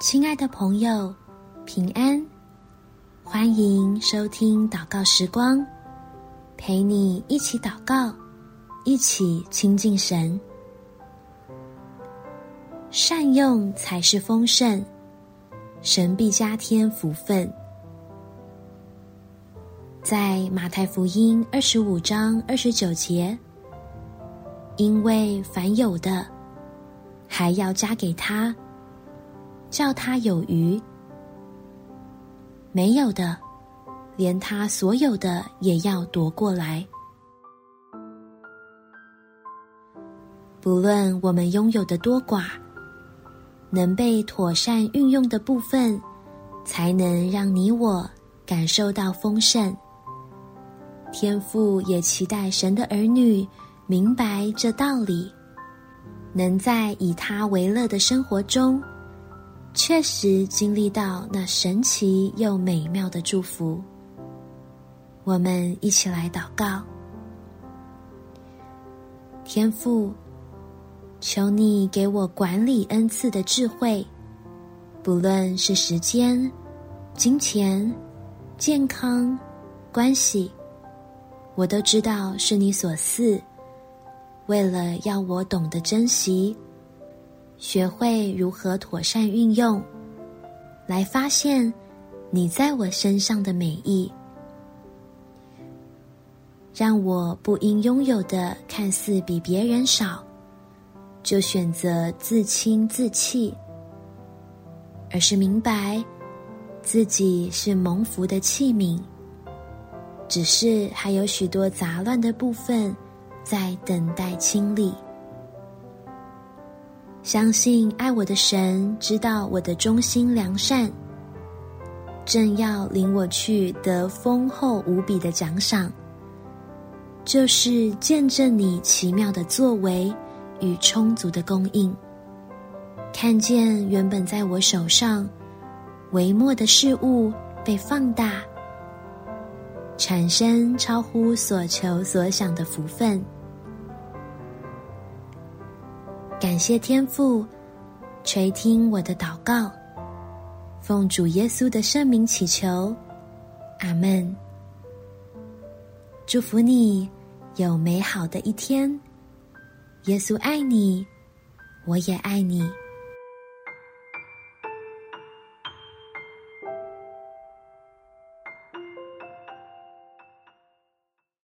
親愛的朋友，平安！歡迎收聽禱告時光，陪你一起禱告，一起親近神。善用才是豐盛，神必加添福分。在馬太福音二十五章二十九節，因為凡有的，還要加給他。叫他有餘，沒有的，連他所有的也要奪過來。不論我們擁有的多寡，能被妥善運用的部分，才能讓你我感受到豐盛。天父也期待神的兒女明白這道理，能在以他為樂的生活中，確實經歷到那神奇又美妙的祝福，我們一起來禱告。天父，求你給我管理恩賜的智慧，不論是時間、金錢、健康、關係，我都知道是你所賜，為了要我懂得珍惜。學會如何妥善運用，來發現你在我身上的美意，讓我不因擁有的看似比別人少，就選擇自輕自棄，而是明白自己是蒙福的器皿，只是還有許多雜亂的部分在等待清理。相信愛我的神知道我的忠心良善，正要領我去得豐厚無比的獎賞，就是見證你奇妙的作為與充足的供應，看見原本在我手上微末的事物被放大，產生超乎所求所想的福分。感謝天父垂聽我的禱告，奉主耶穌的聖名祈求，阿門。祝福你有美好的一天，耶穌愛你，我也愛你。